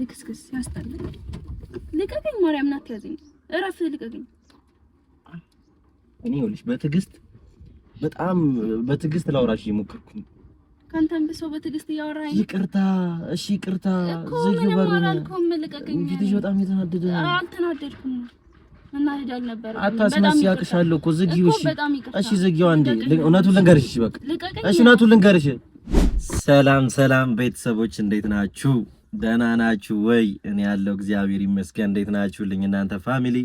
ልክስክስ ያስጠላል። ልቀቀኝ፣ ማርያም ናት ያዘኝ። እረፍ፣ ልቀቀኝ። እኔ ይኸውልሽ በትዕግስት በጣም በትዕግስት ላውራሽ ከአንተም በትዕግስት ይቅርታ፣ እሺ፣ ይቅርታ። አልኩም። ልቀቀኝ። ፊትሽ በጣም የተናደደ። አልተናደድኩም፣ እኮ ዝጊው። እሺ፣ እሺ፣ ዝጊው። አንዴ እውነቱን ልንገርሽ፣ በቃ እሺ፣ እውነቱን ልንገርሽ። ሰላም ሰላም፣ ቤተሰቦች እንዴት ናችሁ? ደህና ናችሁ ወይ? እኔ ያለው እግዚአብሔር ይመስገን። እንዴት ናችሁልኝ እናንተ ፋሚሊ?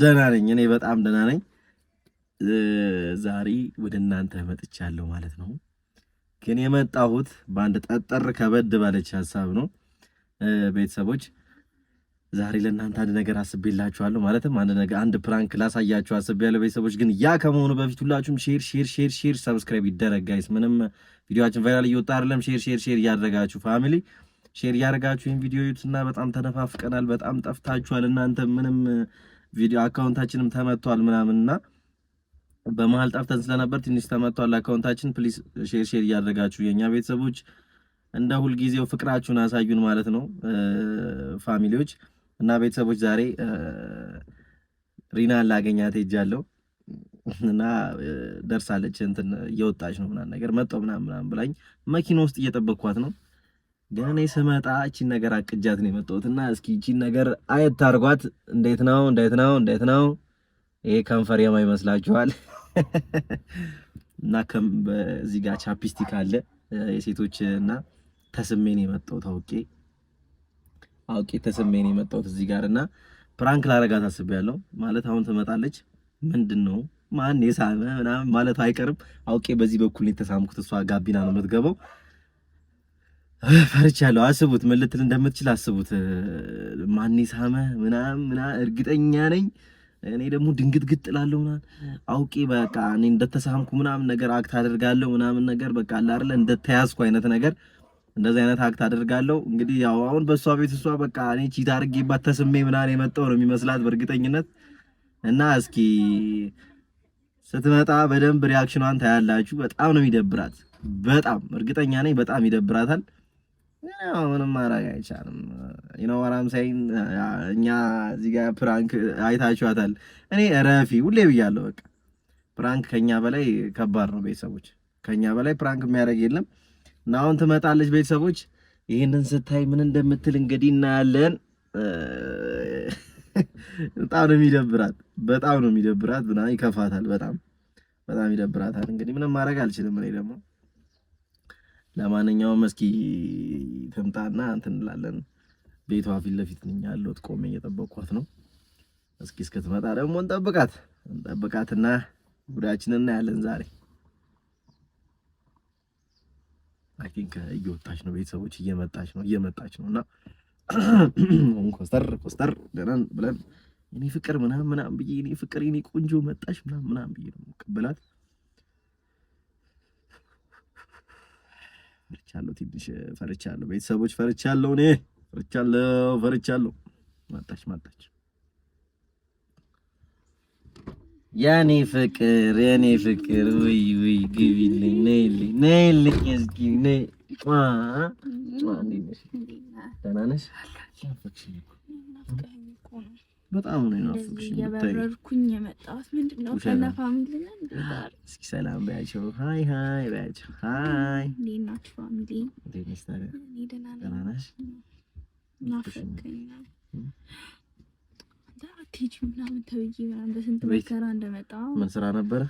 ደህና ነኝ፣ እኔ በጣም ደህና ነኝ። ዛሬ ወደ እናንተ መጥቻለሁ ማለት ነው። ግን የመጣሁት በአንድ ጠጠር ከበድ ባለች ሀሳብ ነው። ቤተሰቦች ዛሬ ለእናንተ አንድ ነገር አስቤላችኋለሁ። ማለትም አንድ ነገር አንድ ፕራንክ ላሳያችሁ አስቤያለሁ ቤተሰቦች። ግን ያ ከመሆኑ በፊት ሁላችሁም ሼር ሼር ሼር ሼር ሰብስክራይብ ይደረግ ጋይስ። ምንም ቪዲዮችን ቫይራል እየወጣ አይደለም። ሼር ሼር ሼር እያደረጋችሁ ፋሚሊ ሼር እያደረጋችሁ ይህን ቪዲዮ ዩትና በጣም ተነፋፍቀናል። በጣም ጠፍታችኋል። እናንተ ምንም ቪዲዮ አካውንታችንም ተመቷል ምናምንና በመሀል ጠፍተን ስለነበር ትንሽ ተመቷል አካውንታችን። ፕሊስ ሼር ሼር እያደረጋችሁ የኛ ቤተሰቦች እንደ ሁልጊዜው ፍቅራችሁን አሳዩን ማለት ነው ፋሚሊዎች እና ቤተሰቦች ዛሬ ሪናን ላገኛት ሄጃለሁ። እና ደርሳለች እንትን እየወጣች ነው ምናምን ነገር መጣሁ ምናምን ምናምን ብላኝ መኪና ውስጥ እየጠበቅኳት ነው። ገና እኔ ስመጣ እቺን ነገር አቅጃት ነው የመጣሁት። እና እስኪ እቺን ነገር አየት አድርጓት። እንዴት ነው እንዴት ነው እንዴት ነው ይሄ ከንፈር የማ ይመስላችኋል? እና እዚህ ጋር ቻፒስቲክ አለ የሴቶች እና ተስሜን የመጣሁት አውቄ አውቄ ተስሜን የመጣሁት እዚህ ጋር እና ፕራንክ ላረጋት አስቤያለሁ። ማለት አሁን ትመጣለች ምንድን ነው ማን የሳመ ምናምን ማለት አይቀርም። አውቄ በዚህ በኩል የተሳምኩት እሷ ጋቢና ነው የምትገባው። ፈርቻለሁ። አስቡት ምን ልትል እንደምትችል አስቡት። ማን የሳመ ምናምን ምናምን እርግጠኛ ነኝ እኔ ደግሞ ድንግጥ ግጥ እላለሁ ምናምን አውቄ በቃ እኔ እንደተሳምኩ ምናምን ነገር አክት አደርጋለሁ ምናምን ነገር በቃ አለ እንደተያዝኩ አይነት ነገር እንደዚህ አይነት አክት አደርጋለሁ። እንግዲህ ያው አሁን በእሷ ቤት እሷ በቃ እኔ ቺት አድርጌባት ተስሜ ምናምን የመጣው ነው የሚመስላት በእርግጠኝነት እና እስኪ ስትመጣ በደንብ ሪያክሽኗን ታያላችሁ። በጣም ነው የሚደብራት። በጣም እርግጠኛ ነኝ በጣም ይደብራታል። ምንም ማድረግ አይቻልም። ኢኖዋራም ሳይን እኛ እዚህ ጋር ፕራንክ አይታችኋታል። እኔ ረፊ ሁሌ ብያለሁ። በቃ ፕራንክ ከኛ በላይ ከባድ ነው። ቤተሰቦች ከኛ በላይ ፕራንክ የሚያደርግ የለም እና አሁን ትመጣለች። ቤተሰቦች ይህንን ስታይ ምን እንደምትል እንግዲህ እናያለን። በጣም ነው የሚደብራት። በጣም ነው የሚደብራት። ብና ይከፋታል። በጣም በጣም ይደብራታል። እንግዲህ ምንም ማድረግ አልችልም እኔ ደግሞ። ለማንኛውም እስኪ ትምጣና እንትን እንላለን። ቤቷ ፊት ለፊት ነኝ ያለሁት፣ ቆሜ እየጠበቅኳት ነው። እስኪ እስክትመጣ ደግሞ እንጠብቃት እንጠብቃትና ጉዳያችንን እናያለን ዛሬ። አይ ቲንክ እየወጣች ነው ቤተሰቦች፣ እየመጣች ነው እየመጣች ነው እና ኮስተር ኮስተር ደህና ብለን እኔ ፍቅር ምናምን ምናምን ብዬ እኔ ፍቅር እኔ ቆንጆ መጣሽ ምናምን ምናምን ብዬ ነው ቀበላት። ፈርቻለሁ፣ ትንሽ ፈርቻለሁ፣ ቤተሰቦች ፈርቻለሁ፣ እኔ ፈርቻለሁ፣ ፈርቻለሁ። መጣች መጣች የኔ ፍቅር የኔ ፍቅር ውይ ውይ ግቢልኝ፣ ነይልኝ፣ ነይልኝ እስኪ ነይ ደህና ነሽ? በጣም ነው የናፈቅሽ። እያበረርኩኝ የመጣሁት ምንድን ነው? ከእነ ፋሚሊ ነን። እስኪ ሰላም በያቸው። ሀይ ሀይ በያቸው። ሀይ እንዴት ናችሁ ፋሚሊ? ደህና ነሽ? ናፈቀኝ ቴጂ ምናምን ተብዬ ምናምን በስንት መከራ እንደመጣሁ ምን ስራ ነበረ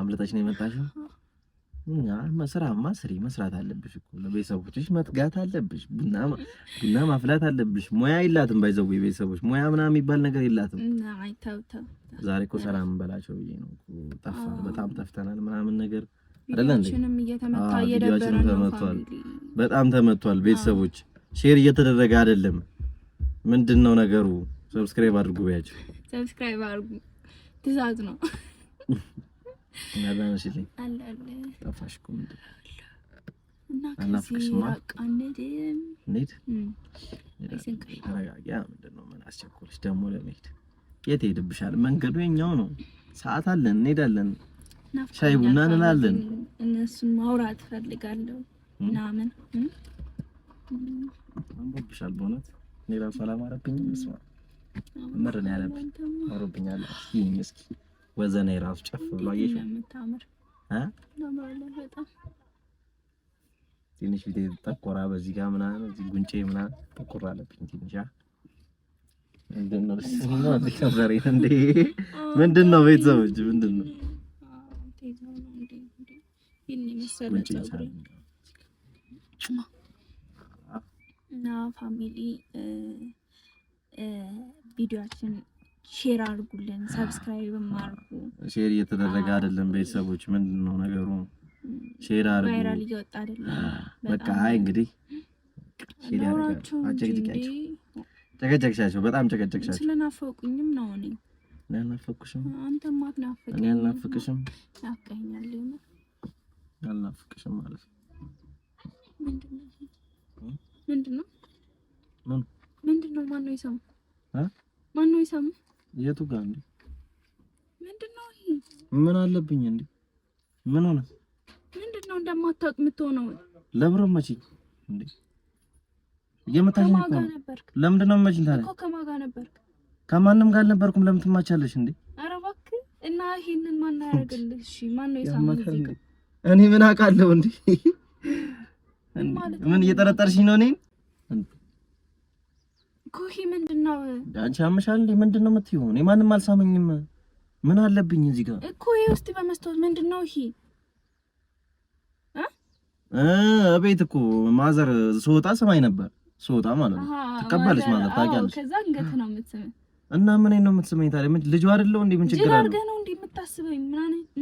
አምልጠሽ ነው የመጣሽው? መስራማ ስሪ መስራት አለብሽ እኮ ለቤተሰቦችሽ መትጋት አለብሽ። ቡና ማፍላት አለብሽ። ሙያ የላትም ባይዘው ቤተሰቦች ሙያ ምናምን የሚባል ነገር የላትም። ዛሬ እኮ ሰላም እንበላቸው ብዬ ነው ጠፋን፣ በጣም ጠፍተናል ምናምን ነገር አይደለ እንዴ? ቪዲዮችንም ተመቷል፣ በጣም ተመቷል። ቤተሰቦች ሼር እየተደረገ አይደለም። ምንድን ነው ነገሩ? ሰብስክራይብ አድርጉ ብያቸው፣ ሰብስክራይብ አድርጉ ትእዛዝ ነው። አስቸኮለች ደግሞ ለመሄድ የት ሄድብሻል? መንገዱ የኛው ነው። ሰዓት አለን፣ እንሄዳለን፣ ሻይ ቡና እንላለን። እነሱን ማውራት ፈልጋለሁ ምናምን አንቦብሻል። በእውነት እኔ ራሱ አላማረብኝም። ስማ ምር ነው ያለብኝ። አውሮብኛል እስኪ ወዘኔ የራሱ ጨፍ ብሎ አየሽ ትንሽ ፊቴ ጠቆራ፣ በዚህ ጋር ምናምን እዚህ ጉንጬ ምናምን ጠቆራ አለብኝ ትንሽ። ምንድን ነው ቤተሰቦች፣ ምንድን ነው እና ፋሚሊ ቪዲዮችን ሼር አድርጉልን፣ ሰብስክራይብ አድርጉ። ሼር እየተደረገ አይደለም ቤተሰቦች፣ ምንድን ነው ነገሩ? ሼር አድርጉ። ቫይራል እየወጣ አይደለም። በቃ አይ እንግዲህ ሼር ጨቀጨቅሻቸው፣ በጣም ጨቀጨቅሻቸው። ስለናፈቁኝም ነው እኔ እኔ አልናፈኩሽም። አንተማ እኔ አልናፈቅሽም። ናፍቀኸኛል። አልናፈቅሽም ማለት ምንድን ነው? ምንድን ነው? ማነው የሰማው? ማነው የሰማው? የቱ ጋር እንዴ? ምንድነው ይሄ? ምን አለብኝ እንዴ? ምን ሆነ? ምንድነው እንደማታውቅ የምትሆነው? ለብረ መቼ እንዴ? የምታሽኝ እኮ ለምንድን ነው የምመችኝ? ታዲያ እኮ ከማን ጋር ነበርክ? ከማንም ጋር አልነበርኩም። ለምን ትማቻለሽ እንዴ? ኧረ እባክህ እና ይሄንን ማን ያደርግልሽ? እሺ ማን ነው የሳመኝ? እኔ ምን አውቃለሁ እንዴ? ምን እየጠረጠርሽኝ ነው እኔን? ኮሂ ምንድን ነው አንቺ አመሻል እንዴ? ምንድን ነው የምትይው? እኔ ማንም አልሳመኝም። ምን አለብኝ እዚህ ጋር እኮ ይሄ ውስጥ በመስታወት ምንድን ነው ይሄ እ እቤት እኮ ማዘር ስወጣ ሰማኝ ነበር። ስወጣ ማለት ነው ትቀባለች ማዘር ታውቂያለሽ። ከዛ እንገት ነው የምትስመኝ እና ምን ነው የምትስመኝ ታዲያ? ምን ልጅ አይደለው እንዴ? ምን ችግር አለ ነው እንዴ የምታስበኝ?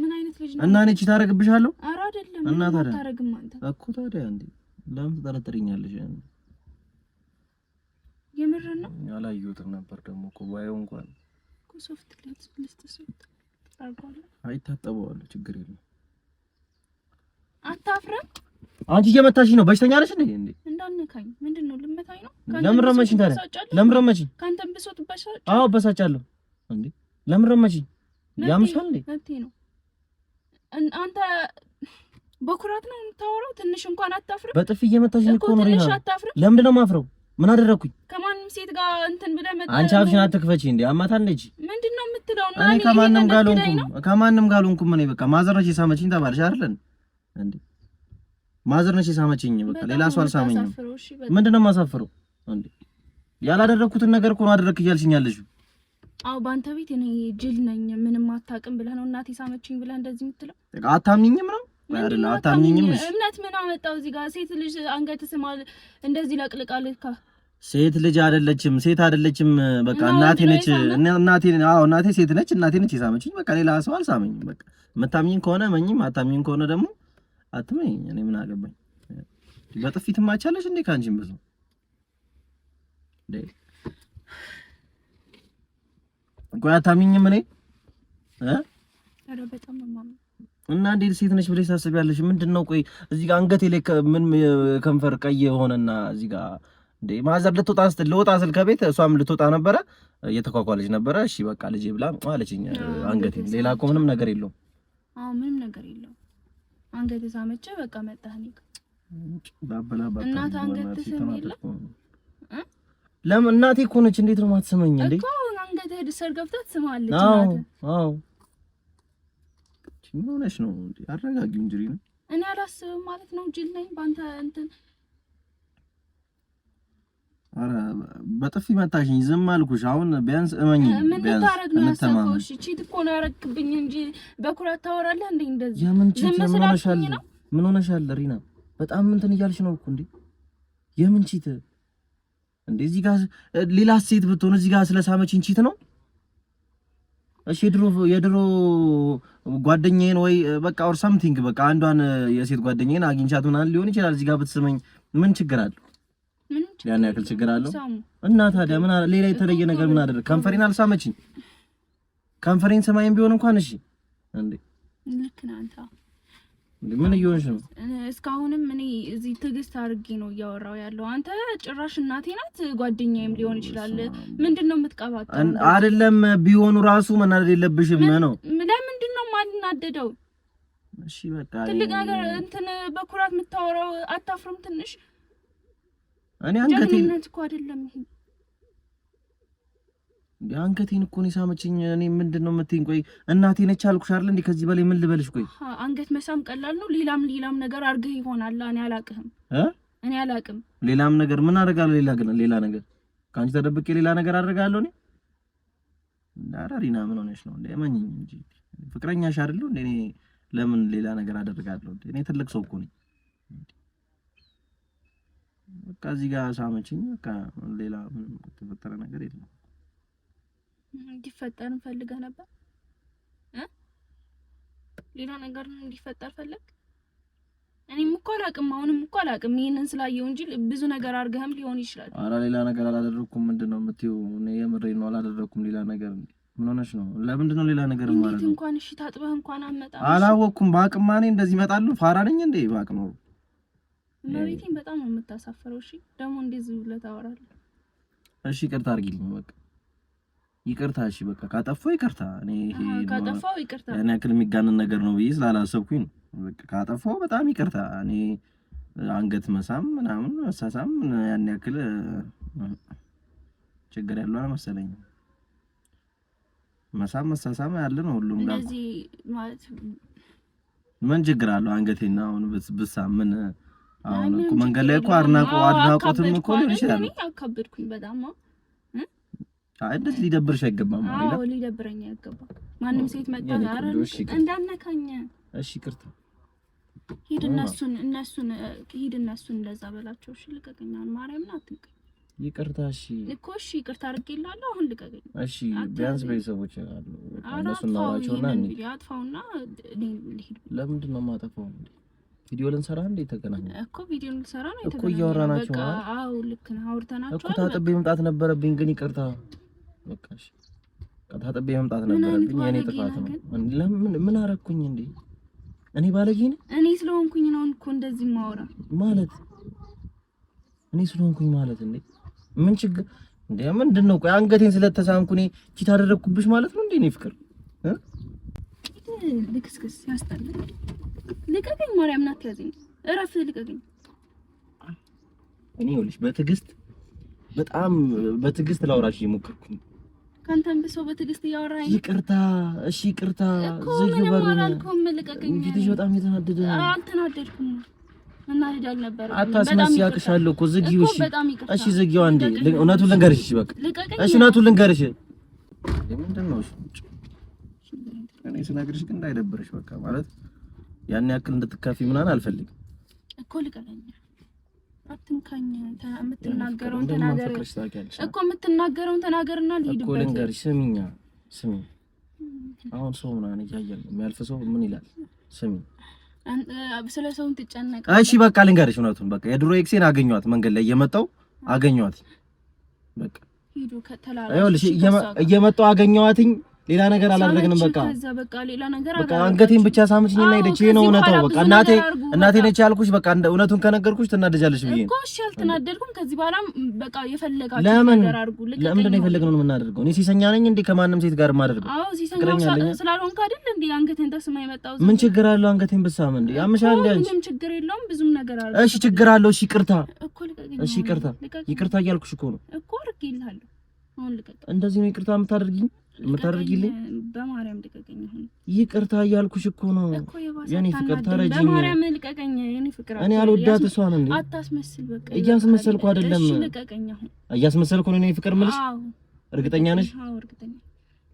ምን አይነት ልጅ ነው እና እኔ እቺ ታረግብሻለሁ። ኧረ አይደለም እና ታረግም አንተ እኮ ታዲያ እንዴ ለምን ትጠረጥሪኛለሽ? የምር ነው። አላየሁትም ነበር ደግሞ እኮ ባየው እንኳን እኮ ሶፍት አይታጠበዋል። ችግር የለም። አታፍረም? አንቺ እየመታሽ ነው። በሽተኛ ነሽ እንዴ? እንዴ እንዳነካኝ ምንድን ነው? ልመታኝ ነው? ለምን ረመችኝ ታዲያ? ለምን ረመችኝ? ካንተም ብሶ ትበሳጫለህ? አዎ በሳጫለሁ። እንዴ ለምን ረመችኝ? ያምሻል እንዴ? እንዴ ነው አንተ በኩራት ነው የምታወራው። ትንሽ እንኳን አታፍርም? በጥፊ እየመታሽ እኮ ነው። ትንሽ አታፍርም? ለምንድን ነው የማፍረው? ምን አደረኩኝ? ሴት ጋር እንትን ብለህ መጣ። አንቺ አፍሽን አትክፈቺ እንዴ! አማታለች። ምንድነው የምትለው? እና እኔ ከማንም ጋር አልሆንኩም፣ ከማንም ጋር አልሆንኩም። እኔ በቃ ማዘር ነች የሳመችኝ ተባልሽ አይደል እንዴ? ማዘር ነች የሳመችኝ፣ በቃ ሌላ ሰው አልሳመኝም። ምንድነው የማሳፍረው እንዴ? ያላደረኩትን ነገር እኮ ነው አደረክ እያልሽኝ ያለሽው። አዎ በአንተ ቤት እኔ ጅል ነኝ፣ ምንም አታውቅም ብለህ ነው እናቴ ሳመችኝ ብለህ እንደዚህ የምትለው? አታምኝኝም ነው አይደል? አታምኝም። እምነት ምን አመጣው እዚህ ጋር? ሴት ልጅ አንገት ስማ እንደዚህ ለቅልቃልካ ሴት ልጅ አይደለችም፣ ሴት አይደለችም። በቃ እናቴ ነች። እናቴ አዎ፣ እናቴ ሴት ነች። እናቴ ነች የሳመችኝ። በቃ ሌላ ሰው አልሳመኝም። በቃ የምታምኝኝ ከሆነ መኝም፣ አታምኝም ከሆነ ደግሞ አትመኝ። እኔ ምን አገባኝ? በጥፊት ማቻለሽ እንዴ? ካንቺም ብዙ ቆይ፣ አታምኝም እኔ እና እንዴት ሴት ነች ብለሽ ታስቢያለሽ? ምንድን ነው ቆይ፣ እዚህ ጋር አንገቴ ላይ ምን ከንፈር ቀይ የሆነና እዚህ ጋር እንዴ ማዘር ልትወጣ ስትል ልወጣ ስል ከቤት እሷም ልትወጣ ነበረ፣ እየተኳኳለች ነበረ። እሺ በቃ ልጄ ብላ አለችኝ። አንገቴ ሌላ እኮ ምንም ነገር የለውም። አዎ ምንም ነገር የለውም። አንገቴ ሳመች። በቃ መጣህ ነው ባባላ እናት አንገት ስም የለ ለምን እናቴ እኮ ነች። እንዴት ነው ማትሰማኝ እንዴ? እኮ አንገቴ ድሰር ገብታ ትስማለች። አዎ አዎ ምን ሆነሽ ነው? አረጋጊው እንጂ እኔ አላስብም ማለት ነው። ጅል ነኝ ባንተ እንትን አረ በጥፊ መታሽኝ፣ ዝም አልኩሽ። አሁን ቢያንስ እመኝ። ምን ልታረግ ቺት እኮ ነው ያረክብኝ እንጂ በኩራት ታወራለህ እንዴ? እንደዚህ የምን ቺት? ምን ሆነሻል? ምን ሆነሻል ሪና? በጣም እንትን እያልሽ ነው እኮ እንዴ። የምን ቺት እንዴ? እዚህ ጋር ሌላ ሴት ብትሆን እዚህ ጋር ስለሳመችኝ ቺት ነው? እሺ የድሮ የድሮ ጓደኛዬን ወይ በቃ ኦር ሳምቲንግ በቃ አንዷን የሴት ጓደኛዬን አግኝቻት ምናምን ሊሆን ይችላል። እዚህ ጋር ብትስመኝ ምን ችግር አለው? ያን ያክል ችግር አለው እና ታዲያ ምን ሌላ የተለየ ነገር ምን አደረግ? ከንፈሬን አልሳመችኝ። ከንፈሬን ሰማይም ቢሆን እንኳን እሺ። እንዴ ልክ ነህ አንተ። ምን እየሆንሽ ነው? እስካሁንም እኔ እዚህ ትዕግስት አድርጌ ነው እያወራው ያለው። አንተ ጭራሽ እናቴ ናት ጓደኛዬም ሊሆን ይችላል። ምንድን ነው አይደለም ቢሆኑ ራሱ መናደድ የለብሽም ነው። ለምንድን ነው የማናደደው? እሺ በቃ ትልቅ ነገር እንትን በኩራት የምታወራው አታፍርም ትንሽ እኔ አንገቴን እኮ አይደለም ይሄ አንገቴን እኮ ነው ሳመችኝ። እኔ ምንድነው ነው የምትይኝ? ቆይ እናቴ ነች አልኩሽ አይደል እንዴ? ከዚህ በላይ ምን ልበልሽ? ቆይ አንገት መሳም ቀላል ነው። ሌላም ሌላም ነገር አድርገህ ይሆናል። እኔ አላቅህም እ እኔ አላቅም። ሌላም ነገር ምን አደርጋለሁ? ሌላ ግን ሌላ ነገር ከአንቺ ተደብቄ ሌላ ነገር አደርጋለሁ እኔ ዳራ ሪና ምን ሆነሽ ነው እንዴ? ማንኝ እንጂ ፍቅረኛሽ አይደል እንዴ? ለምን ሌላ ነገር አደርጋለሁ እኔ ትልቅ ሰው እኮ ነኝ። በቃ እዚህ ጋር ሳመችኝ። በቃ ሌላ ምንም የተፈጠረ ነገር የለም። እንዲፈጠር ፈልገህ ነበር? ሌላ ነገር እንዲፈጠር ፈለግ? እኔም እኮ አላውቅም፣ አሁንም እኮ አላውቅም። ይሄንን ስላየው እንጂ ብዙ ነገር አድርገህም ሊሆን ይችላል። ኧረ ሌላ ነገር አላደረኩም። ምንድነው የምትይው? እኔ የምሬን ነው፣ አላደረኩም ሌላ ነገር ምን ሆነሽ ነው? ለምንድን ነው ሌላ ነገር ማለት ነው? እንኳን እሺ ታጥበህ እንኳን አመጣ አላወቅኩም። በአቅማኔ እንደዚህ ይመጣሉ። ፋራ ነኝ እንዴ? በአቅም ነው እመቤቴን በጣም ነው የምታሳፈረው። እሺ ደግሞ እንደዚህ ዝም ብለህ ታወራለህ? እሺ ይቅርታ አድርጊልኝ በቃ ይቅርታ። እሺ በቃ ካጠፋው ይቅርታ። እኔ ይሄ ካጠፋው ይቅርታ። እኔ አክል የሚጋነን ነገር ነው ብዬ ስላላሰብኩኝ በቃ ካጠፋው በጣም ይቅርታ። እኔ አንገት መሳም ምናምን መሳሳም ያን ያክል ችግር ያለው አልመሰለኝ። መሳም መሳሳም ያለ ነው ሁሉም ጋር። ምን ችግር አለው? አንገቴና አሁን ብሳም ምን አሁን እኮ መንገድ ላይ እኮ አድናቆ አድናቆትም እኮ ሊሆን ይችላል። አካበድኩኝ በጣም አይ እንደዚህ ሊደብርሽ አይገባም። አዎ ሊደብረኝ አይገባም። ማንም ሴት መጣ እንዳነካኝ። እሺ ይቅርታ። ሂድ እነሱን እነሱን ሂድ እነሱን እንደዛ በላቸው። እሺ ልቀቀኝ። ማርያም ናት አትንቀኝ። ይቅርታ። እሺ እኮ እሺ፣ ይቅርታ አድርጌልሃለሁ። አሁን ልቀቀኝ። እሺ ቢያንስ ቤተሰቦች አሉ እነሱ እናዋቸውና አጥፋውና ልሂድ። ለምንድን ነው የማጠፋው? ቪዲዮ ልንሰራ እንዴ? ተገናኘ እኮ ቪዲዮ ልንሰራ ነው እኮ እያወራናቸው። አዎ ልክ ነህ፣ አውርተናቸው እኮ ታጥቤ መምጣት ነበረብኝ፣ ግን ይቅርታ በቃ እሺ፣ ታጥቤ መምጣት ነበረብኝ። የኔ ጥፋት ነው። ለምን ምን አረኩኝ እንዴ? እኔ ባለጌ ነኝ? እኔ ስለሆንኩኝ ነው እኮ እንደዚህ ማወራ ማለት እኔ ስለሆንኩኝ ማለት እንዴ? ምን ችግር እንዴ? ምንድን ነው? ቆይ አንገቴን ስለተሳምኩ እኔ ቺት አደረግኩብሽ ማለት ነው እንዴ? እኔ ፍቅር ልክስክስ ያስጠላል። ልቀቀኝ፣ ማርያም ናት ያዘኝ፣ እረፍ፣ ልቀቀኝ። እኔ ይኸውልሽ በትዕግስት በጣም በትዕግስት ላውራሽ እየሞከርኩኝ ካንተም ብሶ በትዕግስት እያወራኝ ይቅርታ፣ እሺ ይቅርታ። ዝግ በሩ ፊትሽ በጣም የተናደደ ነው። አልተናደድኩም፣ አታስመስ፣ ያቅሻለሁ እኮ ዝጊው። እሺ፣ እሺ፣ ዝጊው። አንዴ እውነቱን ልንገርሽ፣ እሺ፣ በቃ እሺ፣ እውነቱን ልንገርሽ። ምንድን ነው እኔ ስነግርሽ ግን እንዳይደብርሽ በቃ ማለት ያን ያክል እንድትካፊ ምናምን አልፈልግም እኮ ልቀቀኝ። አትንካኝ። የምትናገረውን ተናገር እኮ የምትናገረውን ተናገርና ልሂድበት እኮ ልንገርሽ። ስሚኛ ስሚ፣ አሁን ሰው ምናምን እያየን የሚያልፍ ሰው ምን ይላል? ስሚ ስለ ሰውን ትጨነቀ። እሺ በቃ ልንገርሽ እውነቱን። በቃ የድሮ ኤክሴን አገኘኋት መንገድ ላይ እየመጣሁ አገኘኋት። በቃ ሂዱ ከተላላ እየመጣሁ አገኘኋትኝ ሌላ ነገር አላደረግንም። በቃ በቃ አንገቴን ብቻ ሳምችኝ እና ሄደች። ይሄ ነው እውነታው። በቃ እናቴ እናቴ ነች ያልኩሽ። በቃ እውነቱን ከነገርኩሽ ትናደጃለሽ ብዬ እኮ እሺ። አልተናደድኩም። ከዚህ በኋላ በቃ የፈለጋችሁ ነገር አድርጉ። ለምንድን ነው የፈለግነውን የምናደርገው? እኔ ሲሰኛ ነኝ እንዴ ከማንም ሴት ጋር የማደርገው? አዎ ሲሰኛ ስላልሆንክ አይደል እንዴ አንገቴን ተስማ የመጣው። ምን ችግር አለው? አንገቴን ብሳም እንዴ ያምሻል እንዴ? ምንም ችግር የለውም። ብዙም ነገር አለ። እሺ ችግር አለው። እሺ ይቅርታ፣ እሺ ይቅርታ፣ ይቅርታ እያልኩሽ እኮ ነው እኮ። ልክ ይልሃለሁ። አሁን ልቀቅ። እንደዚህ ነው ይቅርታ የምታደርጊኝ የምታደርጊልኝ በማርያም ልቀቀኝ። አሁን ይቅርታ እያልኩሽ እኮ ነው። የኔ ፍቅር ተረጅኝ። በማርያም ልቀቀኝ። የኔ ፍቅር እኔ አልወዳት እሷን እንዴ አታስመስል። በቃ እያስመሰልኩ አይደለም። ልቀቀኝ አሁን። እያስመሰልኩ ነው የኔ ፍቅር የምልሽ። እርግጠኛ ነሽ? አዎ እርግጠኛ።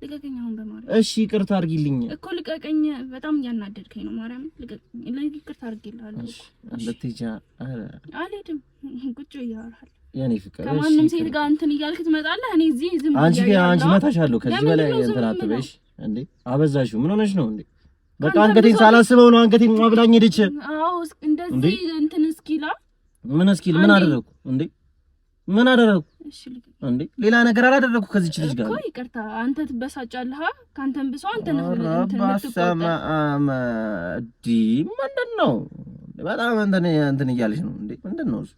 ልቀቀኝ አሁን በማርያም። እሺ ይቅርታ አድርጊልኝ እኮ ልቀቀኝ። በጣም እያናደድከኝ ነው። ማርያም ልቀቀኝ። ይቅርታ አድርጊልሃለሁ። እሺ አልሄድም። ቁጭ ብዬ አወራለሁ የኔ ፍቅር ከማንም ሴት ጋር እንትን እያልክ ትመጣለህ። እኔ እዚህ ዝም ብዬ አንቺ ጋር አንቺ መታሻለሁ። ከዚህ በላይ እንትን አትበይሽ እንዴ! አበዛሽው። ምን ሆነሽ ነው እንዴ? በቃ አንገቴን ሳላስበው ነው አንገቴን ማብላኝ ሄደች። አዎ እንደዚህ እንትን እስኪላ ምን እስኪል ምን አደረኩ እንዴ? ምን አደረኩ እንዴ? ሌላ ነገር አላደረኩ ከዚች ልጅ ጋር እኮ። ይቅርታ አንተ ትበሳጫለህ፣ ካንተን ብሶ አንተ ነህ እንትን ምትቆጣ። ምንድን ነው በጣም እንትን እንትን እያለች ነው እንዴ? ምንድን ነው እሱ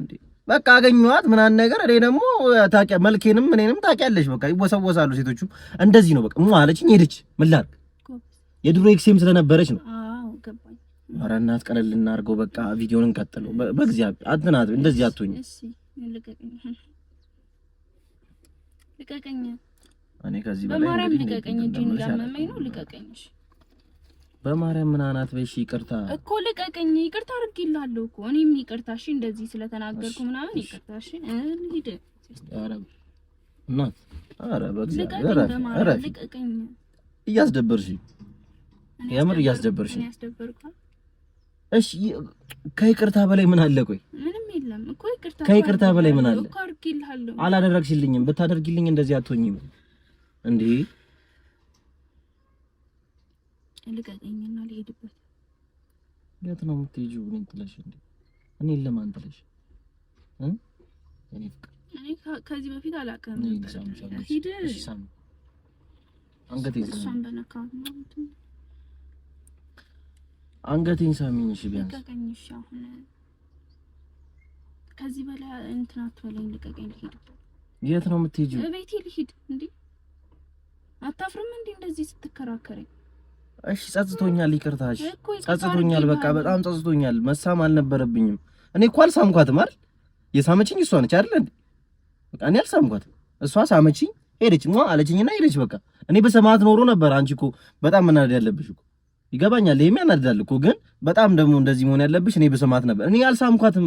እንዴ? በቃ አገኘኋት ምናምን ነገር እኔ ደግሞ ታውቂያ መልኬንም እኔንም ታውቂያለሽ። በቃ ይወሰወሳሉ ሴቶቹ እንደዚህ ነው። በቃ አለችኝ ሄደች። ምን ላድርግ? የድሮ ኤክሴም ስለነበረች ነው። ኧረ እናት ቀለል እናድርገው። በቃ ቪዲዮን እንቀጥለው። በእግዚአብሔር አትናት፣ እንደዚህ አትሁኝ። እኔ ከዚህ በላይ ልቀቀኝ፣ ልቀቀኝ፣ እጁን እንዳመመኝ ነው። ልቀቀኝ። በማርያም ምን አናት በሽ ይቅርታ እኮ ልቀቅኝ። ይቅርታ አድርጌልሃለሁ እኮ እኔም ይቅርታ። እሺ እንደዚህ ስለተናገርኩ ምናምን ይቅርታ። እሺ እንሂድ። ኧረ እናት፣ ኧረ በእግዚአብሔር ልቀቅኝ። እያስደበርሽኝ፣ የምር እያስደበርሽኝ። እሺ ከይቅርታ በላይ ምን አለ? ቆይ ምንም የለም እኮ ይቅርታ። ከይቅርታ በላይ ምን አለ? አላደረግሽልኝም። ብታደርጊልኝ እንደዚህ አትሆኝም እንዴ? ልቀቀኝና ልሄድበት። የት ነው የምትሄጂው? እንዴ? ለማን እኔ ከዚህ በፊት አላውቅም። አንገቴን ሳሚኝ። እሺ ቢያንስ ከዚህ በላይ እንትን አትበለኝ። ልቀቀኝ፣ ልሂድ። የት ነው የምትሄጂው? ቤቴ ልሂድ። እንዴ አታፍርም እንዴ እንደዚህ ስትከራከረኝ? እሺ ጸጽቶኛል፣ ይቅርታሽ ጸጽቶኛል። በቃ በጣም ጸጽቶኛል። መሳም አልነበረብኝም። እኔ እኮ አልሳምኳትም አይደል? የሳመችኝ እሷ ነች አይደል እንዴ? በቃ እኔ አልሳምኳትም። እሷ ሳመችኝ፣ ሄደች ሟ አለችኝና ሄደች። በቃ እኔ በሰማት ኖሮ ነበር። አንቺ እኮ በጣም መናደድ ያለብሽ እኮ ይገባኛል። ይሄም ያናድዳል እኮ ግን በጣም ደግሞ እንደዚህ መሆን ያለብሽ እኔ በሰማት ነበር። እኔ አልሳምኳትም።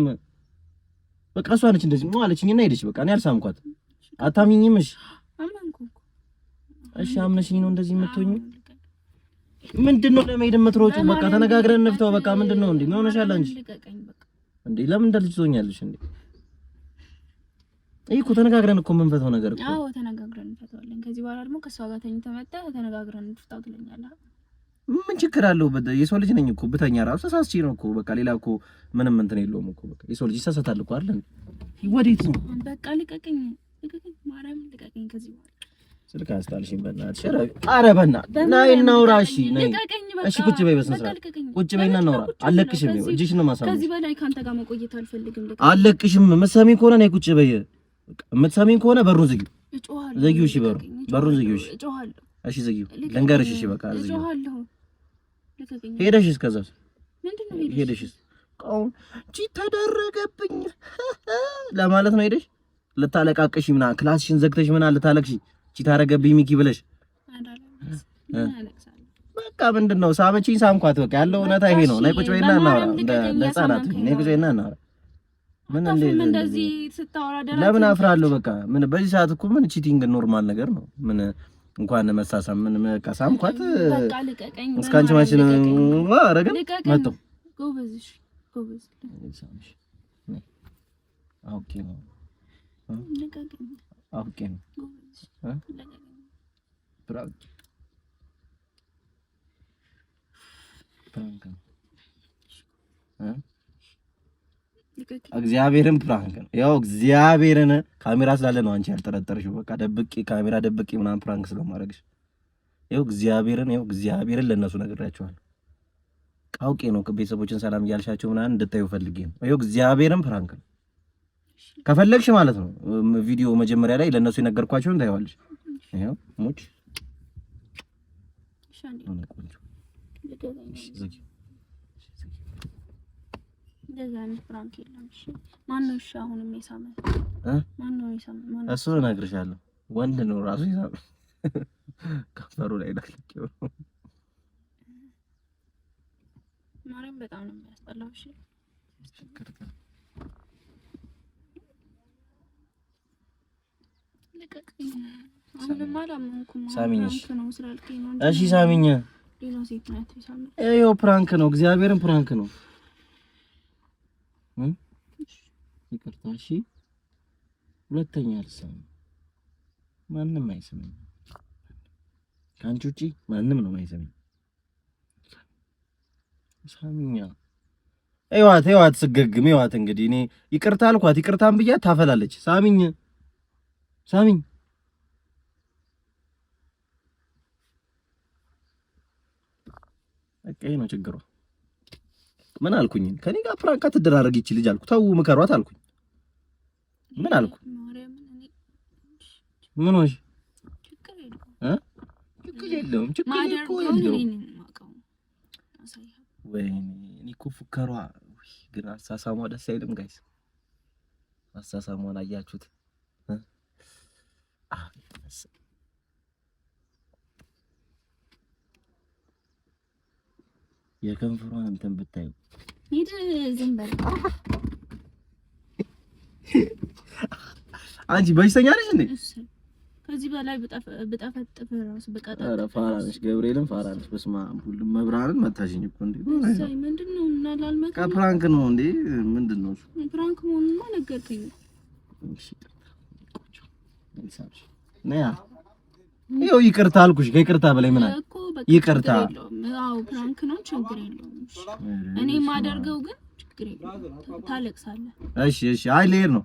በቃ እሷ ነች እንደዚህ ሟ አለችኝና ሄደች። በቃ እኔ አልሳምኳትም። አታምኝም? እሺ አምነሽኝ ነው እንደዚህ የምትሆኚው? ምንድን ነው ለመሄድ የምትሮጪው? በቃ ተነጋግረን እንፍታው። በቃ ምንድን ነው እንዴ? ምን ሆነሻል አንቺ እንዴ? ለምን እንደ ልጅ ትሆኛለሽ እንዴ? ይሄ እኮ ተነጋግረን እኮ የምንፈታው ነገር እኮ። አዎ ተነጋግረን እንፈታዋለን። ከዚህ በኋላ ደግሞ ከእሷ ጋር ተኝተህ መጣ ተነጋግረን እንፍታው ትለኛለህ። ምን ችግር አለው? የሰው ልጅ ነኝ እኮ ብተኛ ራሱ ተሳስቼ ነው እኮ። በቃ ሌላ እኮ ምንም እንትን የለውም እኮ። በቃ የሰው ልጅ ይሳሳታል እኮ አይደል? ወዴት ነው? በቃ ልቀቀኝ፣ ልቀቀኝ፣ ማርያም ልቀቀኝ ከዚህ በኋላ ስልክ አስጣልሽኝ፣ በእናትሽ ኧረ በእናትሽ ናይ እናውራ። እሺ ነይ፣ እሺ ቁጭ በይ፣ በስነ ስርዓት ቁጭ በይ እና እናውራ። አለቅሽም፣ እጅሽን ማሳመን ከዚህ በላይ ከአንተ ጋር መቆየት አልፈልግም። አለቅሽም። የምትሰሚኝ ከሆነ ነይ ቁጭ በይ፣ የምትሰሚኝ ከሆነ በሩን ዝጊው፣ ዝጊው። እሺ በሩ በሩን ዝጊው። እሺ እሺ፣ ዝጊው። ልንገርሽ፣ እሺ በቃ ዝጊው። ሄደሽስ ከዛ ሄደሽስ አሁን ቺ ተደረገብኝ ለማለት ነው ሄደሽ ልታለቃቅሽ ምናምን ክላስሽን ዘግተሽ ምናምን ልታለቅሽ ቺት አደረገብኝ ሚኪ ብለሽ በቃ ምንድን ነው ሳመችኝ፣ ሳምኳት። በቃ ያለው እውነታ ይሄ ነው። ነይ ቁጭ በይና እናውራ፣ ለህፃናት ነይ ቁጭ በይና እናውራ። ምን እንደዚህ ለምን አፍራለሁ? በቃ ምን በዚህ ሰዓት እኮ ምን ቺቲንግ ኖርማል ነገር ነው። ምን እንኳን መሳሳም ምን በቃ ሳምኳት። እስከ አንቺ ማችን አረገ መጥቶ ጎበዝ አውቄ ነው። ፕራንክ ፕራንክ ነው። እግዚአብሔርን ፕራንክ ነው። ያው እግዚአብሔርን ካሜራ ስላለ ነው አንቺ ያልጠረጠርሽው። በቃ ደብቄ ካሜራ ደብቄ ምናምን ፕራንክ ስለማድረግሽ ያው እግዚአብሔርን ያው እግዚአብሔርን ለእነሱ ነግሬያቸዋለሁ። አውቄ ነው ቤተሰቦችን ሰላም እያልሻቸው ምናምን እንድታዩ ፈልጌ ነው። ያው እግዚአብሔርን ፕራንክ ነው። ከፈለግሽ ማለት ነው። ቪዲዮ መጀመሪያ ላይ ለእነሱ የነገርኳቸውን ታይዋለሽ። ይኸው ሙጭ እሱ እነግርሻለሁ፣ ወንድ ነው ራሱ ይሳም ከፈሩ ላይ ነው ማርያም በጣም ነው የሚያስጠላው። እሺ እሺ ሳሚኝ፣ ይኸው ፕራንክ ነው፣ እግዚአብሔርን ፕራንክ ነው። ይቅርታ እሺ። ሁለተኛ አልሰማም፣ ማንም አይሰማም። ከአንቺ ውጪ ማንም ነው አይሰማም። ሳሚኛ ይዋት ይዋት ስገግም ይዋት። እንግዲህ እኔ ይቅርታ አልኳት፣ ይቅርታን ብያት ታፈላለች። ሳሚኛ ሳሚኝ በቃ ይሄ ነው ችግሯ። ምን አልኩኝ? ከኔ ጋር ፕራንካ ትደራረግ ይቺ ልጅ አልኩ። ተው ምከሯት አልኩኝ። ምን አልኩ? ምን ሆሽ? ችግር የለውም ችግር እኮ የለውም። ወይኔ እኔ እኮ ፉከሯ ግን አሳሳሟ ደስ አይልም ጋይስ። አሳሳሟን አያችሁት? Ach, የከንፈሯን እንትን ብታዩ ሂድ፣ ዝም በል አንቺ። በሽተኛ ነሽ እንዴ? ከዚህ በላይ ብጠፈጥፍ ራሱ ፋራ ነሽ፣ ገብርኤልን ፋራ ነሽ። በስመ አብ መብራንን መታሽኝ እኮ እንዴ! እሰይ፣ ምንድን ነው እና ነው እንዴ? ምንድን ነው ፕራንክ መሆኑን ነገርከኝ። እሺ ይኸው ይቅርታ አልኩሽ። ከይቅርታ በላይ ምን አለ? ይቅርታ ፕራንክ ነው፣ ችግር የለውም። እኔ የማደርገው ግን ችግር የለውም። ታለቅሳለህ። እሺ፣ እሺ። አይ ልሄድ ነው።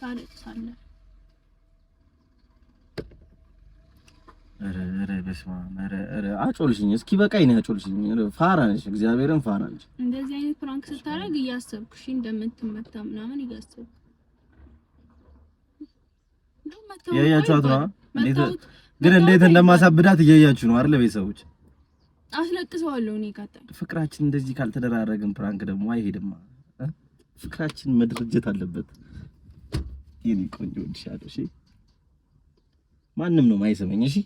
ታለቅሳለህ። ኧረ ኧረ በስመ አብ ኧረ አጮልሽኝ። እስኪ በቃኝ ነው አጮልሽኝ። ፋራ ነሽ፣ እግዚአብሔርን ፋራ ነሽ። እንደዚህ አይነት ፕራንክ ስታደርግ እያሰብኩሽ እንደምትመታ ምናምን እያሰብኩ እያያችኋት ነዋ ግን እንዴት እንደማሳብዳት እያያችሁ ነው አይደል? ቤተሰቦች አስለቅሰዋለሁ እኔ ቀጣይ። ፍቅራችን እንደዚህ ካልተደራረግን ፕራንክ ደግሞ አይሄድም። ፍቅራችን መድርጀት አለበት። የኔ ቆንጆ እወድሻለሁ። እሺ ማንም ነው ማይሰማኝ። እሺ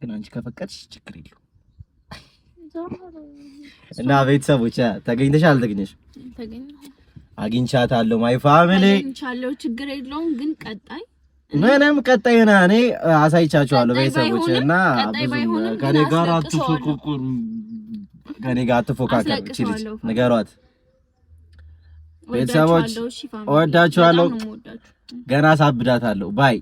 ግን አንቺ ከፈቀድሽ ችግር የለው እና ቤተሰቦች ተገኝተሽ አልተገኘሽ አግኝቻታለሁ። ማይ ፋሚሊ አግኝቻለሁ፣ ችግር የለውም ግን ቀጣይ ምንም ቀጣይ ና እኔ አሳይቻችኋለሁ ቤተሰቦች እና ከኔ ጋር አትፎቁቁር፣ ከኔ ጋር አትፎካከር። ችልጅ ንገሯት ቤተሰቦች፣ እወዳችኋለሁ። ገና አሳብዳታለሁ ባይ